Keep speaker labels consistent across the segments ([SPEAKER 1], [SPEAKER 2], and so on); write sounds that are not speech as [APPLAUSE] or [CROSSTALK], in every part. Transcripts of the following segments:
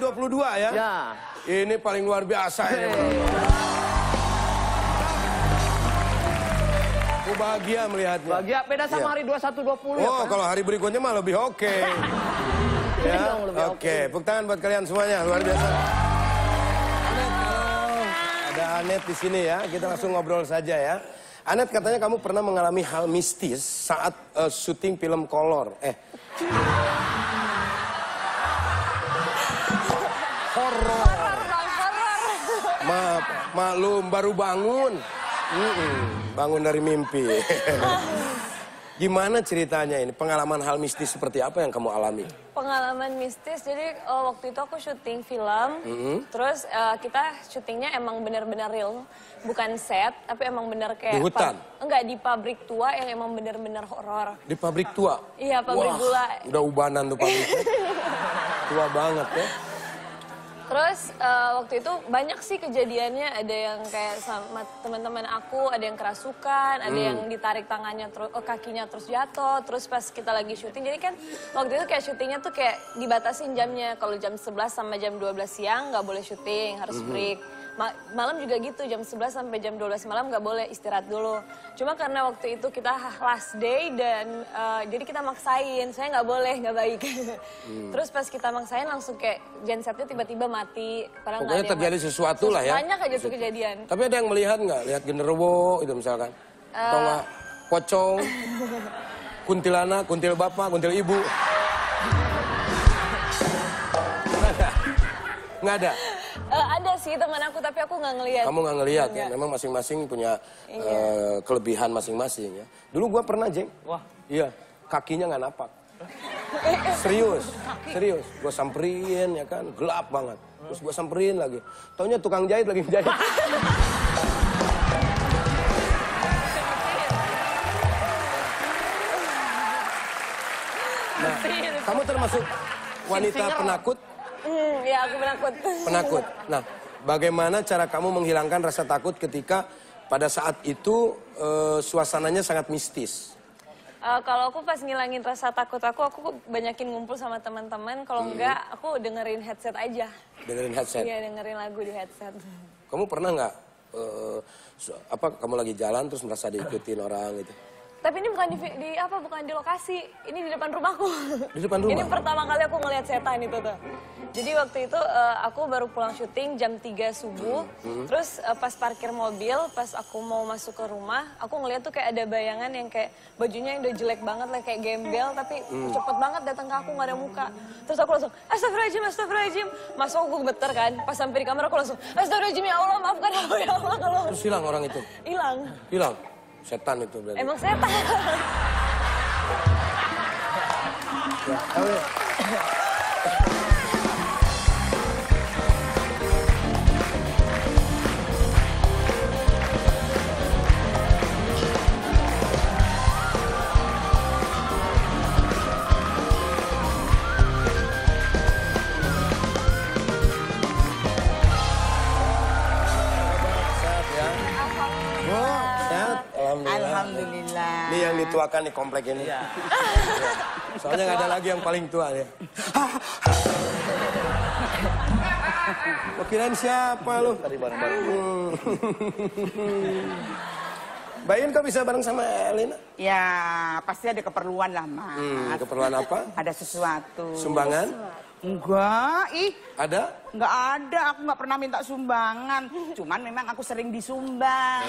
[SPEAKER 1] 22 ya? Ya. Ini paling luar biasa ini. Aku bahagia melihatnya. Bahagia, beda sama ya. hari
[SPEAKER 2] 20 ya, oh, ya. kalau
[SPEAKER 1] hari berikutnya mah lebih oke. [LAUGHS] Okay. ya, oke. Okay. okay. tangan buat kalian semuanya, luar biasa. Ada Anet di sini ya, kita langsung ngobrol saja ya. Anet katanya kamu pernah mengalami hal mistis saat uh, syuting film kolor. Eh. Maklum, baru bangun. Mm -mm, bangun dari mimpi. [LAUGHS] Gimana ceritanya ini? Pengalaman hal mistis seperti apa yang kamu alami?
[SPEAKER 2] Pengalaman mistis, jadi uh, waktu itu aku syuting film. Mm -hmm. Terus uh, kita syutingnya emang benar-benar real. Bukan set, tapi emang benar kayak... Di hutan? Enggak, di pabrik tua yang emang benar-benar horor.
[SPEAKER 1] Di pabrik tua?
[SPEAKER 2] Iya, pabrik Wah, gula.
[SPEAKER 1] udah ubanan tuh pabrik
[SPEAKER 2] [LAUGHS]
[SPEAKER 1] tua banget ya.
[SPEAKER 2] Terus uh, waktu itu banyak sih kejadiannya ada yang kayak sama teman-teman aku ada yang kerasukan, ada hmm. yang ditarik tangannya terus oh, eh, kakinya terus jatuh, terus pas kita lagi syuting. Jadi kan waktu itu kayak syutingnya tuh kayak dibatasin jamnya. Kalau jam 11 sama jam 12 siang nggak boleh syuting, harus hmm. break malam juga gitu jam 11 sampai jam 12 malam nggak boleh istirahat dulu. Cuma karena waktu itu kita last day dan uh, jadi kita maksain, saya nggak boleh nggak baik. Hmm. Terus pas kita maksain langsung kayak gensetnya tiba-tiba mati. Padahal Pokoknya terjadi
[SPEAKER 1] mati. sesuatu lah ya. Banyak aja tuh gitu. kejadian. Tapi ada yang melihat nggak? Lihat genderuwo itu misalkan? Uh, Atau nggak pocong,
[SPEAKER 2] [LAUGHS]
[SPEAKER 1] kuntilanak, kuntil bapak, kuntil ibu. [LAUGHS] Nggak ada
[SPEAKER 2] uh, ada sih teman aku tapi aku nggak ngelihat. Kamu nggak ngelihat ya? Memang
[SPEAKER 1] masing-masing punya iya. uh, kelebihan masing-masing ya. Dulu gua pernah jeng. Wah. Iya. Kakinya nggak napak. serius, serius. Gue samperin ya kan, gelap banget. Terus gue samperin lagi. Taunya tukang jahit lagi jahit. Nah, kamu termasuk
[SPEAKER 3] wanita penakut?
[SPEAKER 1] Iya, aku penakut. Penakut. Nah, bagaimana cara kamu menghilangkan rasa takut ketika pada saat itu e, suasananya sangat mistis?
[SPEAKER 2] Uh, kalau aku pas ngilangin rasa takut aku, aku banyakin ngumpul sama teman-teman. Kalau hmm. enggak, aku dengerin headset aja.
[SPEAKER 1] Dengerin headset? Iya,
[SPEAKER 2] dengerin lagu di headset.
[SPEAKER 1] Kamu pernah nggak, uh, apa kamu lagi jalan terus merasa diikutin orang gitu?
[SPEAKER 2] Tapi ini bukan di, di apa bukan di lokasi, ini di depan rumahku. Di depan [LAUGHS] rumah. ini pertama kali aku ngelihat setan itu tuh. Jadi waktu itu uh, aku baru pulang syuting jam 3 subuh. Mm -hmm. Terus uh, pas parkir mobil, pas aku mau masuk ke rumah, aku ngeliat tuh kayak ada bayangan yang kayak bajunya yang udah jelek banget lah kayak gembel tapi mm. cepet banget datang ke aku nggak ada muka. Terus aku langsung astagfirullahaladzim, astagfirullahaladzim. Masuk aku gemeter kan, pas sampai di kamar aku langsung astagfirullahaladzim ya Allah maafkan aku ya Allah kalau. Terus hilang orang itu? Hilang.
[SPEAKER 1] Hilang? Setan itu berarti. Emang
[SPEAKER 2] setan? Ya,
[SPEAKER 1] kan di komplek ini. Iya. [LAUGHS] Soalnya nggak ada lagi yang paling tua ya. [LAUGHS] Kirain siapa lu? Tadi
[SPEAKER 3] bareng-bareng. [LAUGHS] Mbak Yun kok bisa bareng sama Elena? Ya, pasti ada keperluan lah, Mas. Hmm, keperluan apa? ada sesuatu. Sumbangan? Enggak, ih. Ada? Enggak ada, aku nggak pernah minta sumbangan. Cuman memang aku sering disumbang.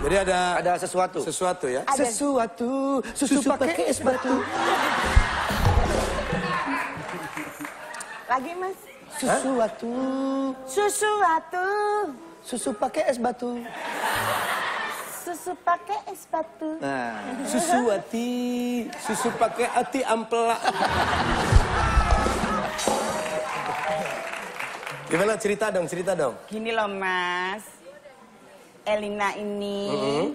[SPEAKER 4] Jadi ada ada sesuatu. Sesuatu ya. Ada. Sesuatu susu, susu pakai es batu.
[SPEAKER 3] Lagi Mas. Sesuatu. Sesuatu. Susu pakai es batu. Susu pakai es batu.
[SPEAKER 1] Nah, susu hati, susu pakai hati ampela. Gimana cerita dong, cerita dong.
[SPEAKER 3] Gini loh mas, Elina ini mm -hmm.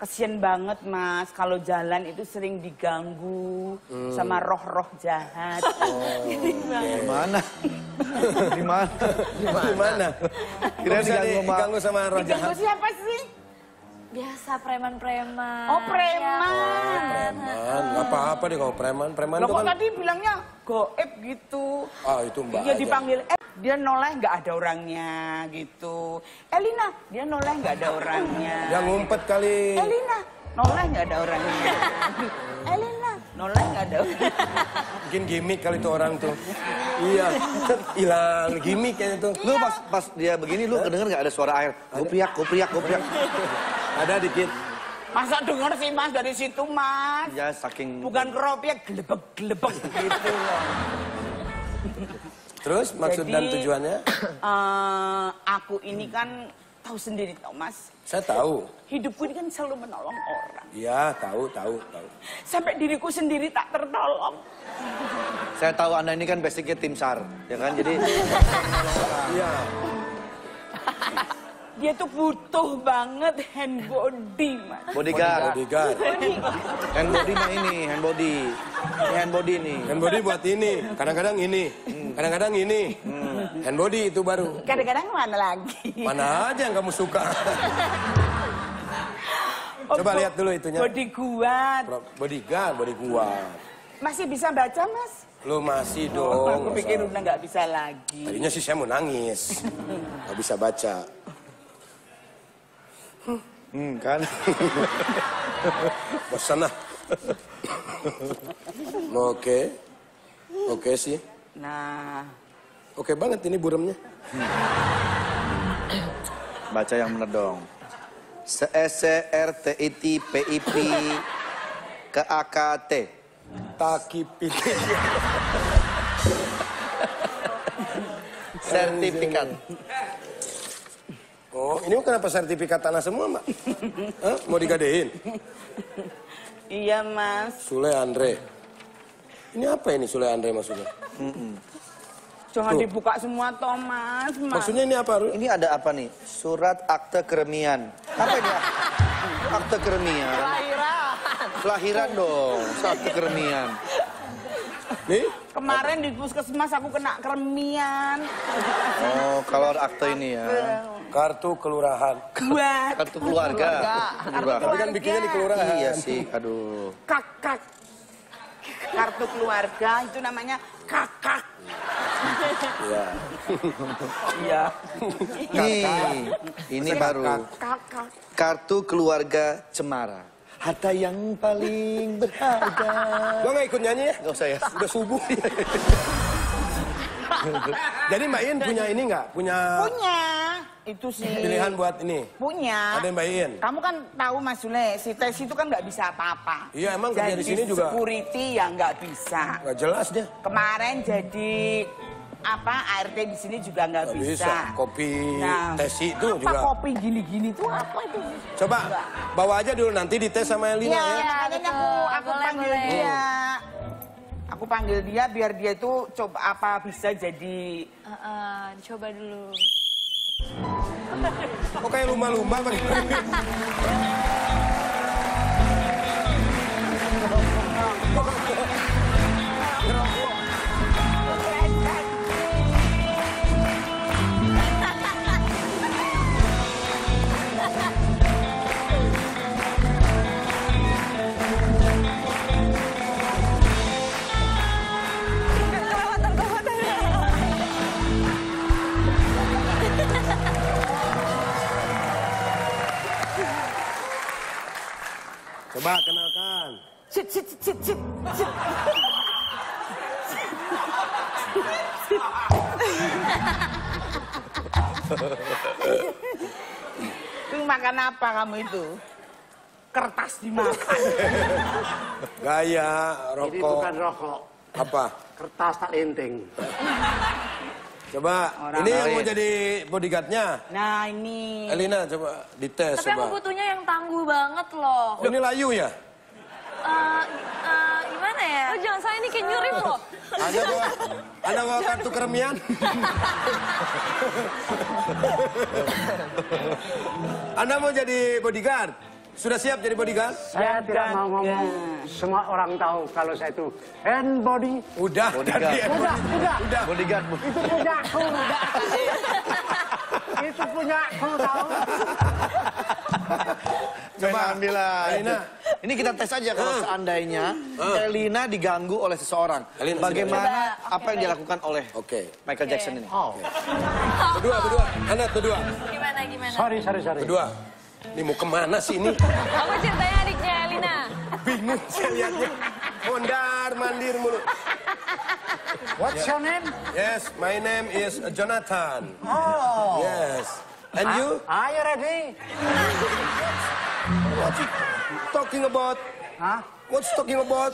[SPEAKER 3] kesian banget mas kalau jalan itu sering diganggu mm. sama roh-roh jahat. Oh, [LAUGHS]
[SPEAKER 4] Mana? di mana?
[SPEAKER 1] Di mana? Di mana? Kira diganggu,
[SPEAKER 3] sama... roh jahat. Diganggu siapa sih? Biasa preman-preman. Oh preman. Iya. Oh, preman.
[SPEAKER 1] Gak apa-apa deh kalau preman.
[SPEAKER 3] Preman Loh, kok kan... tadi bilangnya goib gitu. Ah itu iya, mbak Iya dipanggil dia noleh nggak ada orangnya gitu. Elina, dia noleh nggak ada orangnya. Yang ngumpet kali. Elina, noleh nggak ada orangnya. [LAUGHS] Elina, noleh nggak ada orangnya.
[SPEAKER 1] Mungkin gimmick kali itu orang tuh. iya, hilang gimmicknya
[SPEAKER 4] tuh. Lu pas pas dia begini lu kedenger nggak ada suara air? Kopriak, kopriak, kopriak. ada dikit.
[SPEAKER 3] Masa denger sih mas dari situ mas?
[SPEAKER 4] Ya saking...
[SPEAKER 3] Bukan keropiak,
[SPEAKER 4] gelebek,
[SPEAKER 1] gelebek gitu loh. Terus maksud Jadi, dan tujuannya?
[SPEAKER 3] Uh, [COUGHS] aku ini kan tahu sendiri Thomas.
[SPEAKER 1] Saya tahu.
[SPEAKER 3] Hidupku ini kan selalu menolong orang.
[SPEAKER 1] Iya, tahu, tahu, tahu.
[SPEAKER 3] Sampai diriku sendiri tak tertolong.
[SPEAKER 4] Saya tahu Anda ini kan basicnya tim SAR, ya kan? Jadi Iya
[SPEAKER 3] dia tuh butuh banget hand body mas bodyguard bodyguard
[SPEAKER 1] hand body mah ini hand body ini hand body nih hand body buat ini kadang-kadang ini hmm. kadang-kadang ini hmm. hand body itu baru
[SPEAKER 3] kadang-kadang mana lagi
[SPEAKER 1] mana aja yang kamu suka oh, coba lihat dulu itunya body kuat bodyguard body kuat
[SPEAKER 3] masih bisa baca mas
[SPEAKER 1] Lo masih dong. Oh, aku pikir udah
[SPEAKER 3] nggak bisa lagi.
[SPEAKER 1] Tadinya sih saya mau nangis. [LAUGHS] gak bisa baca. Hmm, kan? [LAUGHS] Bosan lah. Mau oke? Oke sih. Nah. Oke okay banget ini buremnya. Hmm.
[SPEAKER 4] Baca yang bener dong. Se S R T I T P I P K A K T.
[SPEAKER 1] Sertifikat. Oh, ini kenapa sertifikat tanah semua, Mbak? [LAUGHS] Hah? Mau digadein?
[SPEAKER 3] Iya, Mas.
[SPEAKER 1] Sule Andre. Ini apa ini Sule Andre maksudnya? Mm -mm.
[SPEAKER 3] Jangan Tuh. dibuka semua, Thomas. Mas. Maksudnya
[SPEAKER 4] ini apa? Ini ada apa nih? Surat akte keremian. Apa ini? akte keremian.
[SPEAKER 3] Kelahiran.
[SPEAKER 4] Kelahiran dong, akte keremian. Nih?
[SPEAKER 3] Kemarin di puskesmas aku kena keremian.
[SPEAKER 4] Oh, kalau akte ini ya. Kartu kelurahan. Buat. Kartu keluarga. Kartu keluarga. Tapi kan bikinnya di kelurahan. Iya sih, aduh.
[SPEAKER 3] Kakak. Kartu keluarga itu namanya kakak.
[SPEAKER 4] Iya. Iya. Nih, ini baru. Kakak. Kartu keluarga Cemara. Harta yang paling berharga. Gua gak ikut nyanyi
[SPEAKER 1] ya? Gak usah ya. Udah subuh. [LAUGHS] Jadi Mbak In punya ini nggak? Punya
[SPEAKER 3] itu sih. Pilihan buat ini. Punya. Ada yang bayiin. Kamu kan tahu Mas Sule, si tes itu kan nggak bisa apa-apa. Iya emang jadi di sini juga. Security yang nggak bisa. Nggak jelas deh. Kemarin jadi apa ART di sini juga nggak bisa. bisa.
[SPEAKER 1] Kopi nah, tesi itu apa juga.
[SPEAKER 3] kopi gini-gini tuh apa itu? Coba bawa aja dulu nanti dites sama Elina iya, ya. ya, ya. aku aku boleh, panggil boleh. dia. Aku panggil dia biar dia itu coba apa bisa jadi.
[SPEAKER 2] Uh, uh, coba dulu.
[SPEAKER 1] Kok kayak lumba-lumba? [LAUGHS]
[SPEAKER 3] kamu itu kertas dimakan. [LAUGHS]
[SPEAKER 1] Gaya rokok. Ini bukan rokok. Apa?
[SPEAKER 3] Kertas tak enteng.
[SPEAKER 1] Coba, Orang ini yang mau jadi bodyguardnya.
[SPEAKER 3] Nah ini. Elina
[SPEAKER 1] coba dites. Tapi coba. aku
[SPEAKER 3] butuhnya yang tangguh banget loh. Oh, ini layu ya? Uh, uh, gimana ya? Oh jangan
[SPEAKER 2] saya ini kayak nyurim loh.
[SPEAKER 1] Ada anda mau kartu keremian? Anda mau jadi bodyguard? Sudah siap jadi bodyguard? Saya tidak mau
[SPEAKER 3] ngomong. Semua orang tahu kalau saya itu
[SPEAKER 1] hand body. Udah, bodyguard. Tadi, udah, udah, udah. Bodyguard. Itu
[SPEAKER 4] punya aku, udah. itu punya aku tahu. Coba ambil lah. Ini kita tes aja kalau eh. seandainya eh. Elina diganggu oleh seseorang. Bagaimana apa yang dilakukan oleh Michael Jackson ini? Oh.
[SPEAKER 1] kedua, berdua. kedua. berdua.
[SPEAKER 2] Gimana, gimana? Sorry, sorry,
[SPEAKER 1] sorry. Kedua, Ini mau kemana sih ini?
[SPEAKER 2] Apa ceritanya adiknya Elina?
[SPEAKER 1] Bingung saya lihatnya. Mondar mandir mulu. What's your name? Yes, my name is Jonathan. Oh. Yes. And ah, you? Are you ready? What you talking about? Huh? What's talking about?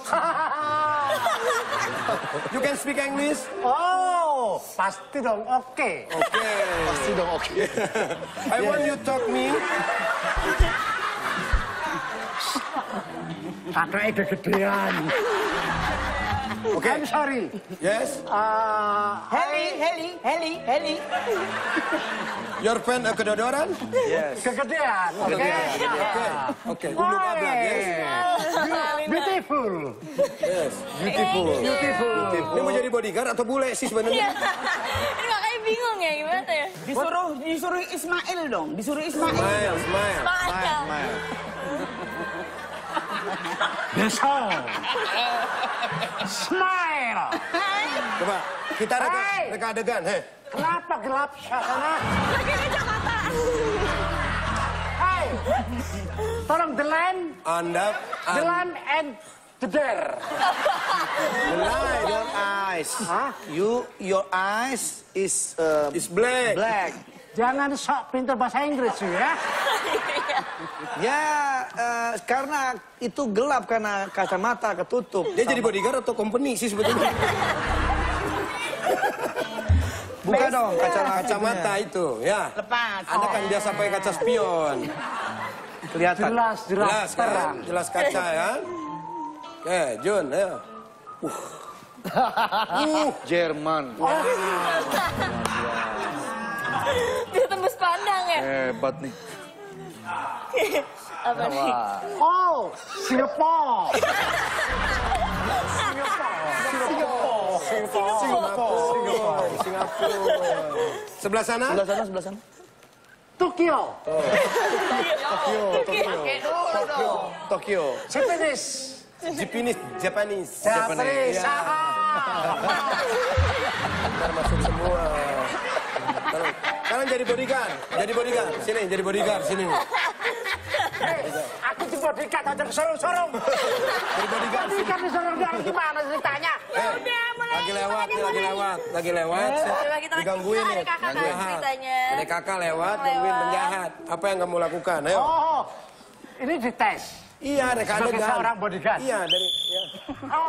[SPEAKER 1] [LAUGHS] you can speak English?
[SPEAKER 4] Oh, pasti dong oke. Okay.
[SPEAKER 1] Oke. Okay. Pasti dong oke. Okay. [LAUGHS] I want you talk me. Kata
[SPEAKER 4] itu gedean.
[SPEAKER 1] Okay. I'm sorry.
[SPEAKER 3] Yes. Uh, Heli, Heli, Heli, Heli.
[SPEAKER 1] Your friend uh, kedodoran? Yes. Kegedean. Oke. Okay. Oke. Okay. Okay. okay. yes. Beautiful. Yes. Beautiful. Beautiful. Beautiful. Ini mau jadi bodyguard atau bule sih sebenarnya? Iya. [LAUGHS]
[SPEAKER 3] Ini makanya bingung ya gimana ya? Disuruh disuruh Ismail dong. Disuruh Ismail. Ismail. Ismail. Ismail.
[SPEAKER 4] Ismail.
[SPEAKER 1] Smile Coba, kita reka, hey. reka adegan, hei. Kenapa gelap
[SPEAKER 3] sana? Lagi ngecek mata. Hei, tolong the land. Anda. The land and
[SPEAKER 1] the bear. The light,
[SPEAKER 4] your eyes. Huh? You, your eyes is... Uh, is black. Black. Jangan sok pinter bahasa Inggris ya. [LAUGHS] ya, uh, karena itu gelap karena kacamata ketutup. Dia Sama. jadi bodyguard atau company sih sebetulnya. [LAUGHS] Buka Best dong
[SPEAKER 1] kacamata, itu ya. Lepas. Anda kan biasa pakai kaca spion. Kelihatan. Jelas, jelas, jelas Kan? Jelas kaca ya. Oke, eh, Jun, ayo. [LAUGHS] Uh. uh. Jerman. Oh
[SPEAKER 3] kandang ya.
[SPEAKER 4] Hebat nih.
[SPEAKER 3] [LAUGHS] Apa nih? Oh, Singapore. Singapore.
[SPEAKER 1] Singapore. Singapore. Sebelah sana? Sebelah sana, sebelah sana. Tokyo. Oh. Tokyo. Tokyo. Tokyo. Tokyo. Japanese. Japanese. Japanese. Japanese. Japanese. Japanese. Ya. Japanese. Sekarang jadi bodyguard, jadi bodyguard. Sini, jadi bodyguard, sini. Hei,
[SPEAKER 4] aku tuh bodyguard aja sorong-sorong. Jadi bodyguard. Bodyguard sorong-sorong
[SPEAKER 3] gimana ceritanya? Ya eh, udah, mulai. Lagi lewat, lagi, lagi lewat, lagi lewat. Lagi kita digangguin ya. Kakak
[SPEAKER 4] ceritanya. Ada kakak lewat, gangguin penjahat.
[SPEAKER 1] Apa yang kamu lakukan? Ayo. Oh,
[SPEAKER 4] oh. ini dites. Iya,
[SPEAKER 3] ada kakak Sebagai seorang bodyguard. Iya, dari... Iya. Oh,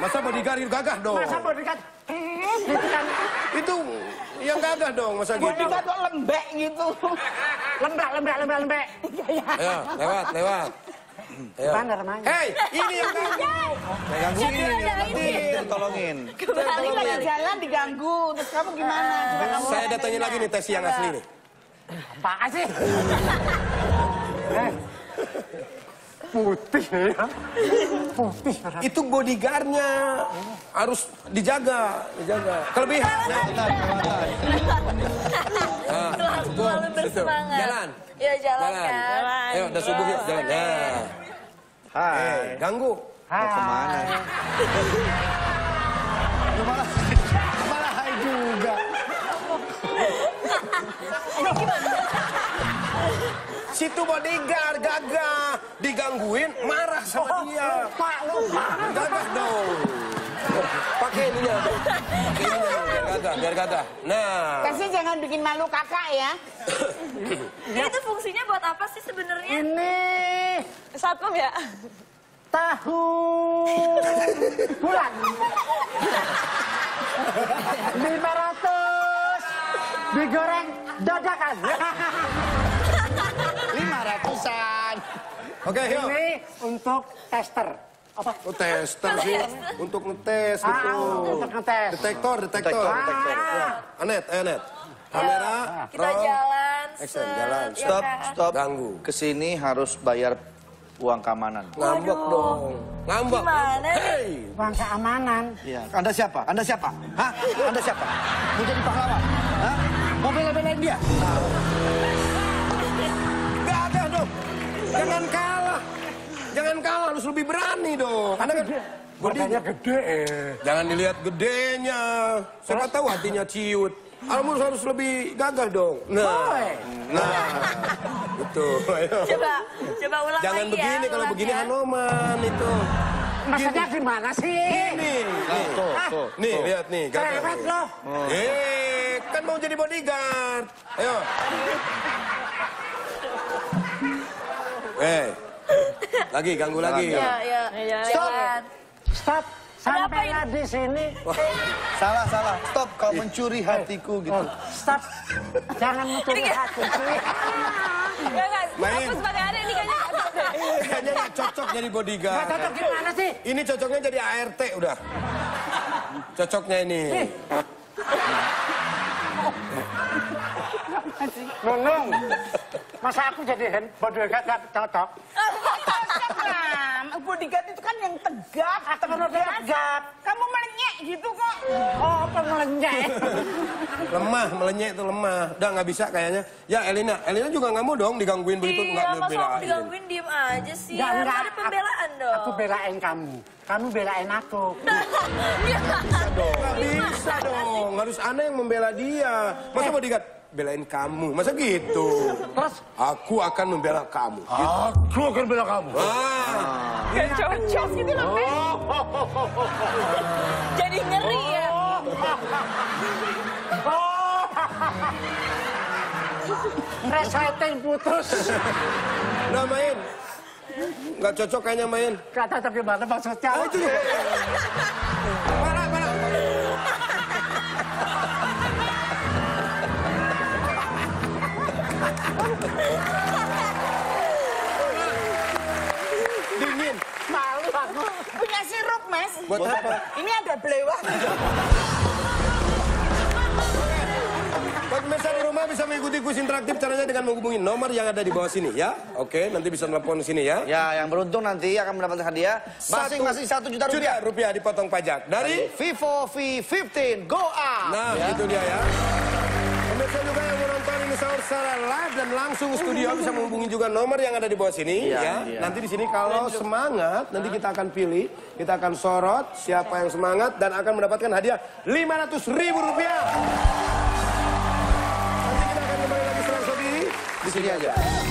[SPEAKER 1] Masa bodyguard itu gagah dong? Masa
[SPEAKER 4] bodyguard gitu kan. Itu yang gagah dong masa gitu. Bodyguard kok lembek gitu. Lembek, lembek, lembek, lembek. Iya,
[SPEAKER 3] iya.
[SPEAKER 1] Ayo, lewat, lewat. Ayo. ini
[SPEAKER 3] yang Hei, iya, ini yang ganggu. Yang ganggu ini, Kita tolongin. Kembali banyak jalan diganggu, terus kamu gimana? Ah. Saya
[SPEAKER 1] datangin lagi nih tes yang asli nih.
[SPEAKER 3] Apaan sih? Eh,
[SPEAKER 1] putih ya. Putih. Ya. Itu bodyguardnya harus dijaga, dijaga. Kelebihan. Nah, Selalu bersemangat. Jalan.
[SPEAKER 3] Ya jalan, jalan. kan. Jalan. Ayo, udah subuh yuk,
[SPEAKER 1] jalan. Nah. Hai. Eh, ganggu. Hai. Mau kemana? ya?
[SPEAKER 4] malah, malah hai juga.
[SPEAKER 1] Situ bodyguard gagah digangguin marah sama oh, dia pak lu gagah dong pakai ininya ininya biar gagah biar gagah nah kasih
[SPEAKER 3] jangan bikin malu kakak ya [COUGHS] itu fungsinya buat apa sih sebenarnya ini satu ya tahu [COUGHS] bulan [COUGHS] lima ratus digoreng dadakan [LAUGHS]
[SPEAKER 4] ratusan. Oke, yuk. Ini untuk tester. Apa?
[SPEAKER 3] Oh, tester
[SPEAKER 1] sih. Untuk ngetes ah, untuk ngetes. Detektor, detektor. Detektor, detektor. Ah. Anet, eh, Anet. Ya, Kamera, kita roll. jalan. Action, jalan. Ya stop, kan? stop. Ganggu.
[SPEAKER 4] Kesini harus bayar uang keamanan. Ngambek dong.
[SPEAKER 3] Ngambek. Gimana hey. Uang keamanan.
[SPEAKER 4] Iya. Anda siapa? Anda siapa?
[SPEAKER 3] Hah? Anda siapa? Mau jadi pahlawan? Hah? Mau bela-belain dia? Nah.
[SPEAKER 1] kalah harus lebih berani dong. Karena kan badannya gede. Jangan dilihat gedenya. Siapa tahu hatinya ciut. Almus harus lebih gagal dong. Nah, Boy. nah, itu. [LAUGHS] Coba, coba ulang Jangan lagi ya, begini, ya, kalau begini ya. anoman itu. Maksudnya gimana sih? Ini, nih, tuh, tuh, nih tuh. lihat nih. Cerewet loh. Eh, kan mau jadi bodyguard. Ayo. [LAUGHS] Eh, hey lagi ganggu lagi. Ya, ya.
[SPEAKER 2] Iya, iya. Stop.
[SPEAKER 4] Stop. sampai di sini. salah, salah. Stop
[SPEAKER 1] kau mencuri hatiku gitu. Oh, stop. Jangan mencuri hatiku. Enggak, Aku sebagai
[SPEAKER 2] adik ini kayaknya [LAUGHS] kayaknya gak
[SPEAKER 1] cocok jadi bodyguard. Gak cocok gimana sih? Ini cocoknya jadi ART udah. Cocoknya ini.
[SPEAKER 3] Nonong. Masa aku jadi hand
[SPEAKER 4] bodyguard gak cocok?
[SPEAKER 3] Cocok lah. Bodyguard itu kan yang tegap, ah, tegap. tegap. Kamu melenyek gitu kok. Oh, apa melenyek? lemah,
[SPEAKER 1] melenyek itu lemah. Udah nggak bisa kayaknya. Ya Elina, Elina juga nggak mau dong digangguin begitu nggak belain. Iya, masa digangguin
[SPEAKER 4] diem aja sih. Gak, Harus ada pembelaan dong. Aku belain kamu. Kamu
[SPEAKER 3] belain aku. Iya.
[SPEAKER 1] Gak bisa dong. Gak bisa dong. Harus Ana yang membela dia. Masa eh. bodyguard? belain kamu. Masa gitu? Terus? Aku akan membela kamu. Gitu. Aku akan membela kamu. Ah. Gak gitu. cocok gitu loh, Pe. Oh.
[SPEAKER 3] Jadi ngeri ya. Oh.
[SPEAKER 1] Resleting putus. Nah main. Gak cocok kayaknya main. Kata tapi mana maksudnya? Oh, itu
[SPEAKER 3] mas. Buat apa? Ini ada belewah.
[SPEAKER 1] Buat pemirsa di rumah bisa mengikuti kuis interaktif caranya dengan menghubungi nomor yang ada di bawah sini ya. Oke, nanti bisa telepon sini ya. Ya, yang beruntung nanti akan mendapatkan hadiah masing-masing satu juta rupiah. Juta rupiah dipotong pajak dari Vivo V15 Go Up. Nah, ya. itu dia ya. Pemirsa juga yang kami sahur secara live dan langsung studio [LAUGHS] bisa menghubungi juga nomor yang ada di bawah sini iya, ya. Iya. Nanti di sini kalau semangat nanti kita akan pilih, kita akan sorot siapa yang semangat dan akan mendapatkan hadiah ribu rupiah. Nanti kita akan kembali lagi selang-selang di sini aja.